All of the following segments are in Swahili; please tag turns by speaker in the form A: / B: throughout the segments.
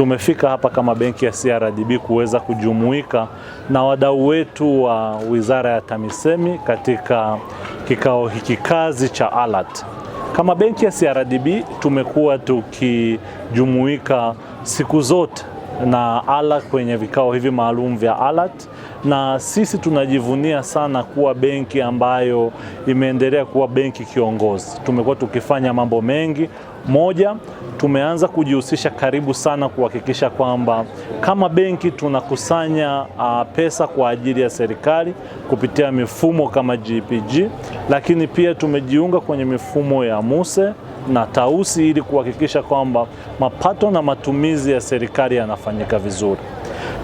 A: tumefika hapa kama benki ya CRDB kuweza kujumuika na wadau wetu wa Wizara ya TAMISEMI katika kikao hiki kazi cha ALAT. Kama benki ya CRDB tumekuwa tukijumuika siku zote na ALAT kwenye vikao hivi maalum vya ALAT, na sisi tunajivunia sana kuwa benki ambayo imeendelea kuwa benki kiongozi. Tumekuwa tukifanya mambo mengi. Moja tumeanza kujihusisha karibu sana kuhakikisha kwamba kama benki tunakusanya uh, pesa kwa ajili ya serikali kupitia mifumo kama GPG, lakini pia tumejiunga kwenye mifumo ya MUSE na Tausi ili kuhakikisha kwamba mapato na matumizi ya serikali yanafanyika vizuri.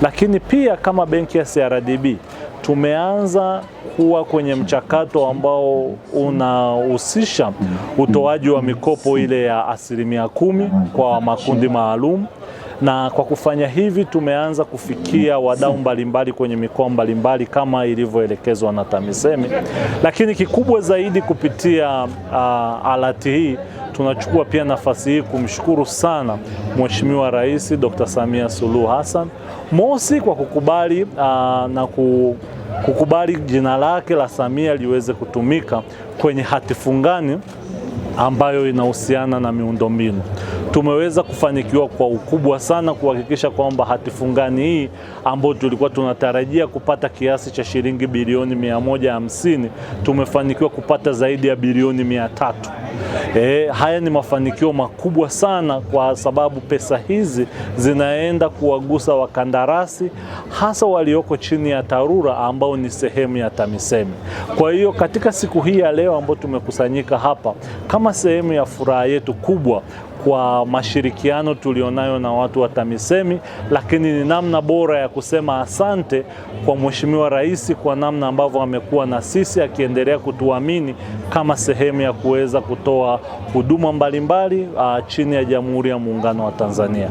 A: Lakini pia kama benki ya CRDB tumeanza kuwa kwenye mchakato ambao unahusisha utoaji wa mikopo ile ya asilimia kumi kwa makundi maalum na kwa kufanya hivi tumeanza kufikia wadau mbalimbali kwenye mikoa mbalimbali kama ilivyoelekezwa na TAMISEMI, lakini kikubwa zaidi kupitia uh, alati hii tunachukua pia nafasi hii kumshukuru sana Mheshimiwa Rais Dr. Samia Suluhu Hassan mosi kwa kukubali uh, na ku kukubali jina lake la Samia liweze kutumika kwenye hati fungani ambayo inahusiana na miundombinu. Tumeweza kufanikiwa kwa ukubwa sana kuhakikisha kwamba hati fungani hii ambayo tulikuwa tunatarajia kupata kiasi cha shilingi bilioni 150 tumefanikiwa kupata zaidi ya bilioni mia tatu E, haya ni mafanikio makubwa sana kwa sababu pesa hizi zinaenda kuwagusa wakandarasi hasa walioko chini ya TARURA ambao ni sehemu ya TAMISEMI. Kwa hiyo katika siku hii ya leo ambayo tumekusanyika hapa kama sehemu ya furaha yetu kubwa kwa mashirikiano tulionayo na watu wa TAMISEMI, lakini ni namna bora ya kusema asante kwa Mheshimiwa Rais kwa namna ambavyo amekuwa na sisi akiendelea kutuamini kama sehemu ya kuweza kutoa huduma mbalimbali ah, chini ya Jamhuri ya Muungano wa Tanzania.